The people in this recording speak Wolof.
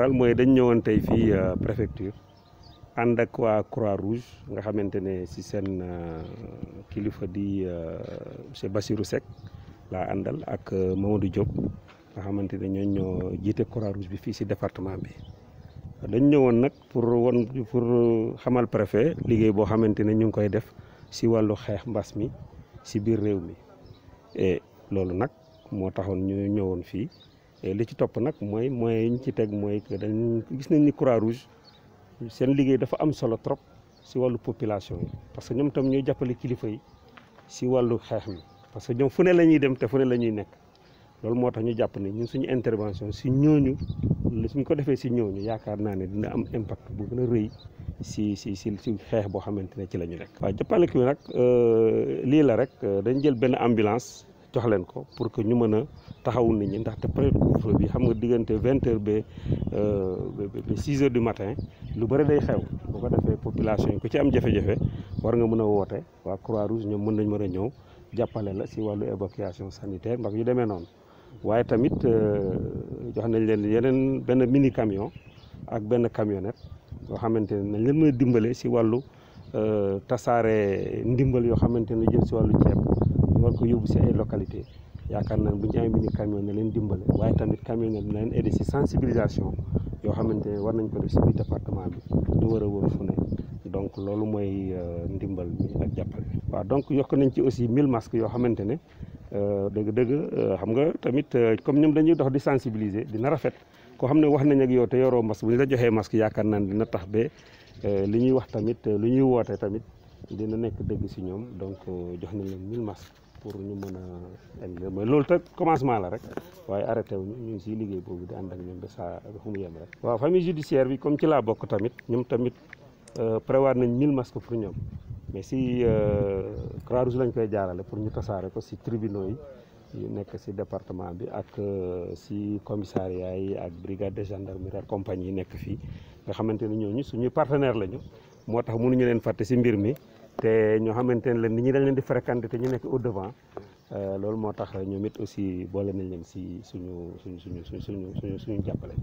faral moy dañ ñëwon tay fi euh, préfecture and ak wa croix rouge nga xamantene ci sen euh, kilifa di euh, monsieur basirou Seck la andal ak Mamadou Diop nga xamantene ñoo ñoo jité croix rouge bi fi ci département bi dañ ñëwon nak pour won pour xamal préfet liggéey bo xamantene ñu ngi koy def ci walu xex mbass mi ci bir réew mi et lolu nak mo taxone ñu ñëwon fi li ci top nak moy moy yiñ ci tegg moy que dañ gis nañ ni croix rouge seen liggéey dafa am solo trop ci walu population yi parce que ñom tam ñoy jappalé kilifa yi ci walu xex mi parce que ñom fune lañuy dem te fune lañuy la ñuy nekk loolu moo ñu japp ni ñun suñu intervention ci ñooñu li suñ ko défé ci ñooñu yaakaar na né dina am impact bu gëna reuy ci ci ci ci xex bo boo ci lañu ñu nekk. waaw jàppale ki euh li la rek euh, dañ jël ben ambulance. jox leen ko pour que ñu mën a taxawu nit ñi ndax te couvre-feu bi xam nga diggante vingt heures ba euh, ba six heures du matin lu bëri day xew boo ko defee population yi ku ci am jafe-jafe war nga mën a woote waa Croix-Rouge ñoom mën nañ mën a ñëw jàppale la si wàllu évacuation sanitaire mbag yu demee noonu waaye tamit euh, jox nañ leen yeneen benn mini camion ak benn camionnette yoo xamante ne nañ leen mën a dimbale si wàllu euh, tasaare ndimbal yoo xamante ne si wàllu ceeb ñu war ko yóbbu si ay localité yaakaar naa bu ñu amee mini camion na leen dimbale waaye tamit camion na leen aider si sensibilisation yoo xamante ne war nañ ko def si biir département bi ñu war a wër fu ne donc loolu mooy euh, ndimbal bi ak jàppale bi waaw donc yokk nañ ci aussi mille masques yoo xamante ne euh, dëgg dëgg euh, xam nga tamit comme ñoom dañuy dox di sensibiliser dina rafet koo xam ne wax nañ ak yow te yoroo masque bu ñu la joxee masque yaakaar naa dina tax ba li ñuy wax tamit lu ñuy woote tamit dina nekk dëgg si ñoom donc jox nañ leen mille masques pour ñu mën a dem mais loolu te commencement la rek waaye arrêté wuñu ñu ngi siy liggéey boobu di ànd ak ñoom ba saa fu mu yem rek. waaw famille judiciaire bi comme ci laa bokk tamit ñoom tamit euh, prévoir nañ 1000 masques pour ñoom mais si euh, Croix-Rouge lañ koy jaarale pour ñu tasaare ko si tribunaux yi. yu nekk si département bi ak euh, si commissariat yi ak brigade de gendarmerie ak compagnie yi nekk fii nga xamante ne ñooñu suñuy partenaire lañu moo tax mënuñu leen fàtte si mbir mi te ñoo xamante ne la nit ñi dañ leen di fréquenter te ñu nekk au devant euh, loolu moo tax ñoom it aussi boole nañ leen si suñu suñu suñu suñu suñu suñu jàppale.